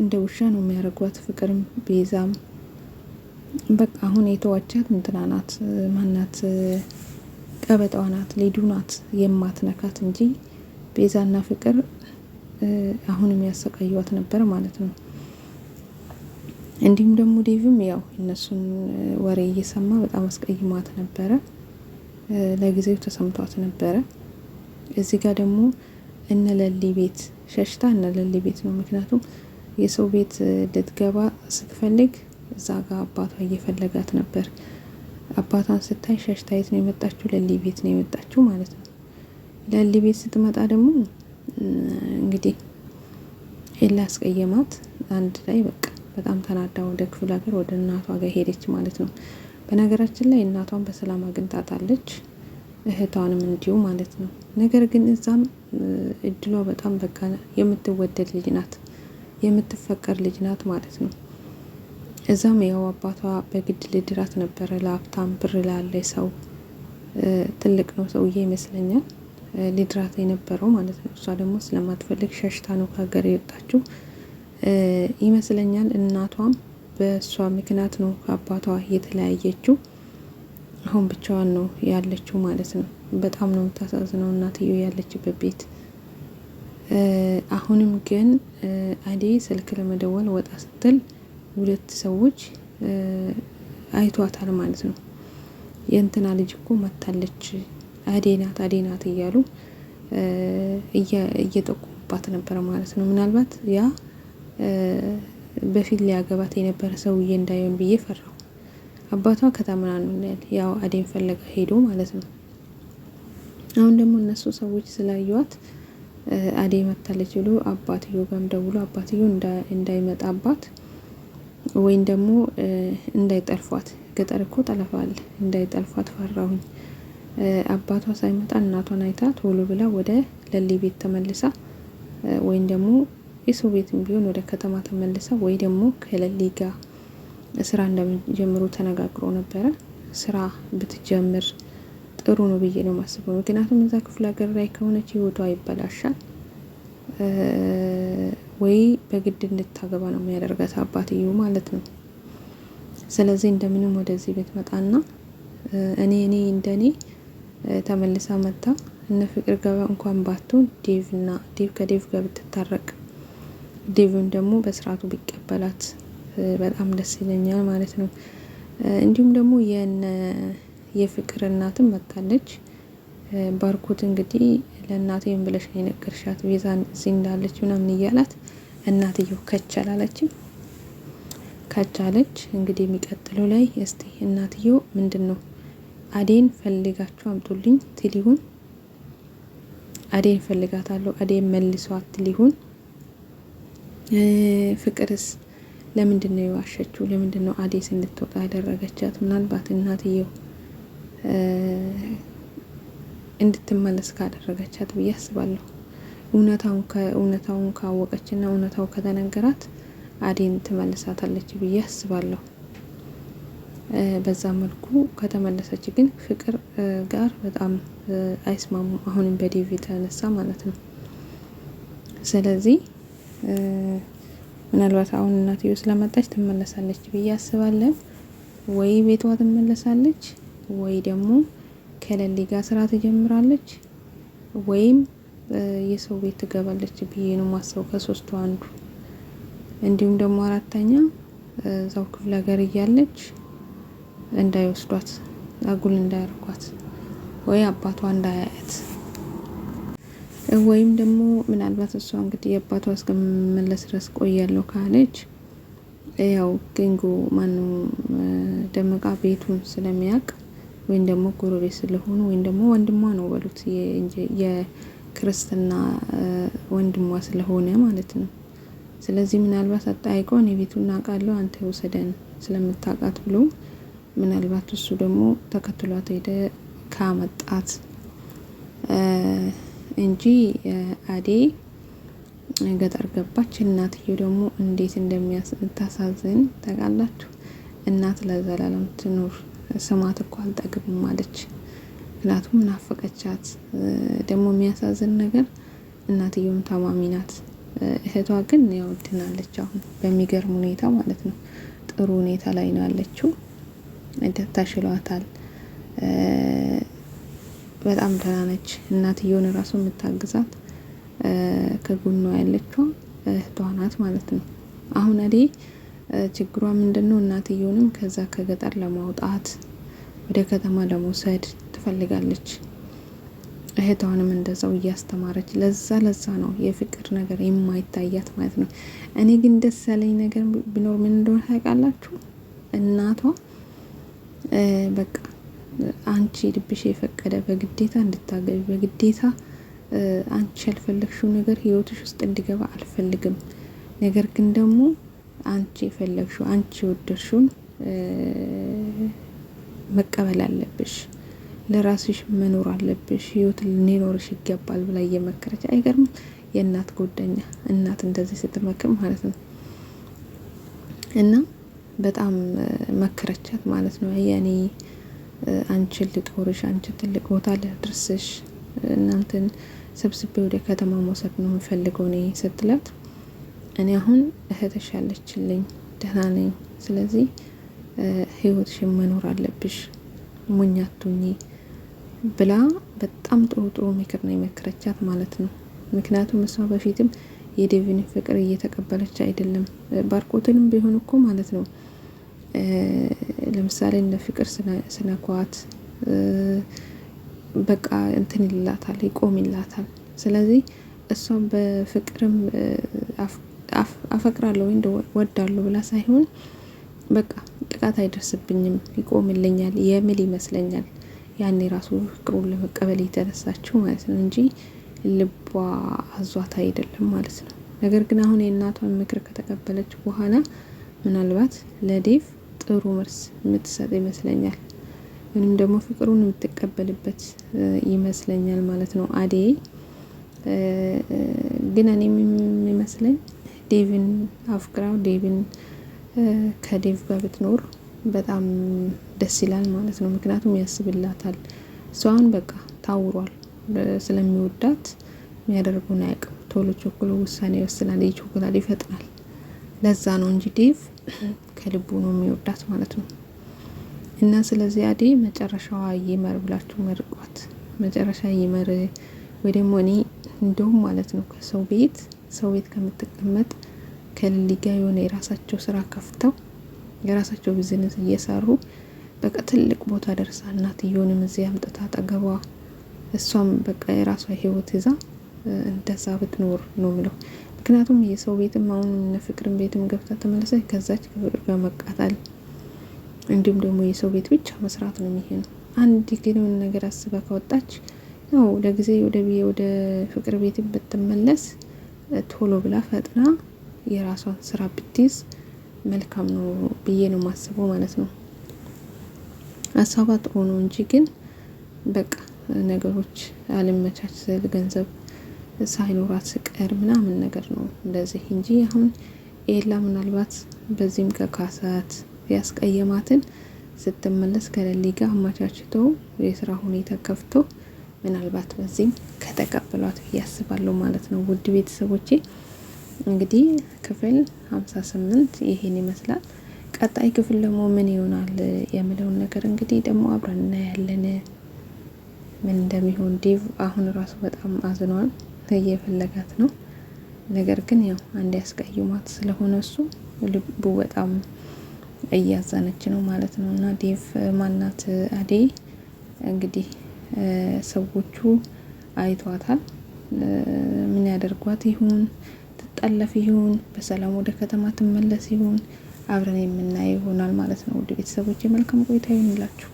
እንደ ውሻ ነው የሚያደርጓት። ፍቅርም ቤዛም በቃ አሁን የተዋቻት እንትና ናት ማናት ቀበጣዋ ናት ሊዱ ናት የማትነካት እንጂ ቤዛና ፍቅር አሁን የሚያሰቃዩዋት ነበር ማለት ነው። እንዲሁም ደግሞ ዴቪም ያው እነሱን ወሬ እየሰማ በጣም አስቀይሟት ነበረ። ለጊዜው ተሰምቷት ነበረ። እዚህ ጋር ደግሞ እነ ለሊ ቤት ሸሽታ እነ ለሊ ቤት ነው ምክንያቱም የሰው ቤት ልትገባ ስትፈልግ እዛ ጋር አባቷ እየፈለጋት ነበር። አባቷን ስታይ ሸሽታየት ነው የመጣችው፣ ለሊ ቤት ነው የመጣችው ማለት ነው። ለሊ ቤት ስትመጣ ደግሞ እንግዲህ ኤላ አስቀየማት። አንድ ላይ በቃ በጣም ተናዳ ወደ ክፍለ ሀገር ወደ እናቷ ጋር ሄደች ማለት ነው። በነገራችን ላይ እናቷን በሰላም አግኝታታለች፣ እህቷንም እንዲሁ ማለት ነው። ነገር ግን እዛም እድሏ በጣም በቃ የምትወደድ ልጅ ናት። የምትፈቀር ልጅ ናት ማለት ነው። እዛም ያው አባቷ በግድ ልድራት ነበረ። ለሀብታም ብር ላለ ሰው ትልቅ ነው ሰውዬ ይመስለኛል ሊድራት የነበረው ማለት ነው። እሷ ደግሞ ስለማትፈልግ ሸሽታ ነው ከሀገር የወጣችው ይመስለኛል። እናቷም በእሷ ምክንያት ነው ከአባቷ የተለያየችው። አሁን ብቻዋን ነው ያለችው ማለት ነው። በጣም ነው የምታሳዝነው እናትየው ያለችበት ቤት አሁንም ግን አደይ ስልክ ለመደወል ወጣ ስትል ሁለት ሰዎች አይቷታል ማለት ነው። የእንትና ልጅ እኮ መታለች አደይ ናት አደይ ናት እያሉ እየጠቁባት ነበረ ማለት ነው። ምናልባት ያ በፊት ሊያገባት የነበረ ሰውዬ እንዳይሆን ብዬ ፈራው አባቷ ከታምና ነው እንዳያል ያው አደይን ፈለገ ሄዶ ማለት ነው። አሁን ደግሞ እነሱ ሰዎች ስላዩዋት አዴ መታለች ብሎ አባትዮ ጋም ደውሎ አባትዮ እንዳይመጣባት ወይም ደግሞ እንዳይጠልፏት ገጠር እኮ ጠለፋ አለ። እንዳይጠልፏት ፈራሁኝ። አባቷ ሳይመጣ እናቷን አይታ ቶሎ ብላ ወደ ለሊ ቤት ተመልሳ ወይም ደግሞ የሰው ቤትም ቢሆን ወደ ከተማ ተመልሳ ወይ ደግሞ ከለሊ ጋር ስራ እንደሚጀምሩ ተነጋግሮ ነበረ። ስራ ብትጀምር ጥሩ ነው ብዬ ነው የማስበው። ምክንያቱም እዛ ክፍለ ሀገር ላይ ከሆነች ህይወቷ ይበላሻል። ወይ በግድ እንድታገባ ነው የሚያደርጋት አባትየው ማለት ነው። ስለዚህ እንደምንም ወደዚህ ቤት መጣና እኔ እኔ እንደኔ ተመልሳ መታ እነ ፍቅር ገባ እንኳን ባትሆን ዴቭ እና ዴቭ ከዴቭ ጋር ብትታረቅ ዴቭን ደግሞ በስርዓቱ ቢቀበላት በጣም ደስ ይለኛል ማለት ነው። እንዲሁም ደግሞ የነ የፍቅር እናትም መጥታለች። ባርኮት እንግዲህ ለእናቴም ብለሽ ነው የነገርሻት ቤዛ እዚህ እንዳለች ምናምን እያላት እናትየው ከች አላለችም። ከቻለች እንግዲህ የሚቀጥለው ላይ እስቲ እናትየው ምንድን ነው አዴን ፈልጋችሁ አምጡልኝ ትሊሁን አዴን ፈልጋታለሁ፣ አዴን መልሷት ትሊሁን ፍቅርስ ለምንድን ነው የዋሸችው? ለምንድን ነው አዴ ስንትወጣ ያደረገቻት? ምናልባት እናትየው እንድትመለስ ካደረገቻት ብዬ አስባለሁ። እውነታውን ካወቀች እና እውነታው ከተነገራት አዴን ትመልሳታለች ብዬ አስባለሁ። በዛ መልኩ ከተመለሰች ግን ፍቅር ጋር በጣም አይስማሙም። አሁንም በዲቪ የተነሳ ማለት ነው። ስለዚህ ምናልባት አሁን እናትዮ ስለመጣች ትመለሳለች ብዬ አስባለሁ። ወይ ቤቷ ትመለሳለች ወይ ደግሞ ከሌሊ ጋር ስራ ትጀምራለች ወይም የሰው ቤት ትገባለች ብዬ ነው ማስበው ከሶስቱ አንዱ። እንዲሁም ደግሞ አራተኛ እዛው ክፍለ ሀገር እያለች እንዳይወስዷት አጉል እንዳያርጓት ወይ አባቷ እንዳያያት ወይም ደግሞ ምናልባት እሷ እንግዲህ የአባቷ እስከመመለስ ድረስ ቆያለሁ ካለች ያው ግንጎ ማነው ደመቃ ቤቱን ስለሚያውቅ ወይም ደግሞ ጎረቤት ስለሆኑ ወይም ደግሞ ወንድሟ ነው በሉት የክርስትና ወንድሟ ስለሆነ ማለት ነው። ስለዚህ ምናልባት አጠያይቆ እኔ ቤቱን አውቃለሁ አንተ ወሰደን ስለምታውቃት ብሎ ምናልባት እሱ ደግሞ ተከትሏት ሄደ ካመጣት እንጂ አዴ ገጠር ገባች። እናትየው ደግሞ እንዴት እንደምታሳዝን ታውቃላችሁ። እናት ለዘላለም ትኑር። ስማት እኮ አልጠግብም አለች። ምክንያቱም ናፈቀቻት። ደግሞ የሚያሳዝን ነገር እናትየውም ታማሚ ናት። እህቷ ግን ያው ድናለች፣ አሁን በሚገርም ሁኔታ ማለት ነው። ጥሩ ሁኔታ ላይ ነው ያለችው። ተሽሏታል። በጣም ደህና ነች። እናትየውን እራሱ የምታግዛት ከጎኗ ያለችው እህቷ ናት ማለት ነው። አሁን እኔ ችግሯ ምንድን ነው? እናትየውንም ከዛ ከገጠር ለማውጣት ወደ ከተማ ለመውሰድ ትፈልጋለች። እህቷንም እንደዛው እያስተማረች ለዛ ለዛ ነው የፍቅር ነገር የማይታያት ማለት ነው። እኔ ግን ደስ ያለኝ ነገር ቢኖር ምን እንደሆነ ታውቃላችሁ? እናቷ በቃ አንቺ ልብሽ የፈቀደ በግዴታ እንድታገቢ በግዴታ አንቺ ያልፈለግሽው ነገር ህይወትሽ ውስጥ እንዲገባ አልፈልግም ነገር ግን ደግሞ አንቺ የፈለግሽው አንቺ የወደድሽውን መቀበል አለብሽ፣ ለራስሽ መኖር አለብሽ፣ ህይወት ሊኖርሽ ይገባል ብላ እየመከረች አይገርም። የእናት ጎደኛ እናት እንደዚህ ስትመክር ማለት ነው። እና በጣም መከረቻት ማለት ነው። ያኔ አንቺ ልጦርሽ፣ አንቺ ትልቅ ቦታ ልድርስሽ፣ እናንተን ሰብስቤ ወደ ከተማ መውሰድ ነው የምፈልገው እኔ ስትላት እኔ አሁን እህትሽ ያለችልኝ ደህና ነኝ። ስለዚህ ህይወትሽን መኖር አለብሽ ሙኛቱኝ ብላ በጣም ጥሩ ጥሩ ምክር ነው የመከረቻት ማለት ነው። ምክንያቱም እሷ በፊትም የዴቪን ፍቅር እየተቀበለች አይደለም። ባርኮትንም ቢሆን እኮ ማለት ነው ለምሳሌ እንደ ፍቅር ስነኳት በቃ እንትን ይላታል፣ ይቆም ይላታል። ስለዚህ እሷም በፍቅርም አፈቅራለሁ ወይ ወዳለሁ ብላ ሳይሆን በቃ ጥቃት አይደርስብኝም ይቆምልኛል የምል ይመስለኛል። ያኔ ራሱ ፍቅሩን ለመቀበል የተነሳችው ማለት ነው እንጂ ልቧ አዟት አይደለም ማለት ነው። ነገር ግን አሁን የእናቷን ምክር ከተቀበለች በኋላ ምናልባት ለዴቭ ጥሩ መርስ የምትሰጥ ይመስለኛል። ወይም ደግሞ ፍቅሩን የምትቀበልበት ይመስለኛል ማለት ነው። አዴ ግን እኔ የሚመስለኝ ዴቪን አፍቅራ ዴቪን ከዴቭ ጋር ብትኖር በጣም ደስ ይላል ማለት ነው። ምክንያቱም ያስብላታል። እሱ አሁን በቃ ታውሯል። ስለሚወዳት የሚያደርገውን አያውቅም። ቶሎ ቸኩሎ ውሳኔ ይወስናል፣ ይቸኩላል፣ ይፈጥናል። ለዛ ነው እንጂ ዴቭ ከልቡ ነው የሚወዳት ማለት ነው። እና ስለዚህ አዴ መጨረሻዋ ይመር ብላችሁ መርቋት። መጨረሻ ይመር ወይ ደግሞ እኔ እንደውም ማለት ነው ከሰው ቤት ሰው ቤት ከምትቀመጥ ከልሊ የሆነ የራሳቸው ስራ ከፍተው የራሳቸው ቢዝነስ እየሰሩ በቃ ትልቅ ቦታ ደርሳ እናትየውንም እዚህ አምጥታ አጠገቧ እሷም በቃ የራሷ ህይወት ይዛ እንደዛ ብትኖር ነው ምለው። ምክንያቱም የሰው ቤትም አሁን ፍቅርን ቤትም ገብታ ተመለሰ ከዛች ከፍቅር ጋር መቃጣል እንዲሁም ደግሞ የሰው ቤት ብቻ መስራት ነው የሚሆነው። አንድ ግንውን ነገር አስባ ከወጣች ያው ለጊዜ ወደ ወደ ፍቅር ቤትም ብትመለስ ቶሎ ብላ ፈጥና የራሷን ስራ ብትይዝ መልካም ነው ብዬ ነው ማስበው ማለት ነው። ሀሳቧ ሆኖ እንጂ ግን በቃ ነገሮች አልመቻች ስል ገንዘብ ሳይኖራት ስቀር ምናምን ነገር ነው እንደዚህ እንጂ አሁን ኤላ ምናልባት በዚህም ከካሳት ያስቀየማትን ስትመለስ ከሌሊ ጋር አመቻችተው የስራ ሁኔታ ከፍቶ ምናልባት በዚህም ከተቀበሏት ብዬ አስባለሁ ማለት ነው። ውድ ቤተሰቦቼ እንግዲህ ክፍል ሀምሳ ስምንት ይሄን ይመስላል። ቀጣይ ክፍል ደግሞ ምን ይሆናል የምለውን ነገር እንግዲህ ደግሞ አብረን እናያለን። ምን እንደሚሆን ዴቭ አሁን ራሱ በጣም አዝኗል፣ እየፈለጋት ነው። ነገር ግን ያው አንድ ያስቀይሟት ስለሆነ እሱ ልቡ በጣም እያዘነች ነው ማለት ነው። እና ዴቭ ማናት አዴ እንግዲህ ሰዎቹ አይቷታል። ምን ያደርጓት ይሆን? ትጠለፍ ይሆን? በሰላም ወደ ከተማ ትመለስ ይሆን? አብረን የምናየው ይሆናል ማለት ነው። ውድ ቤተሰቦች የመልካም ቆይታ ይሁንላችሁ።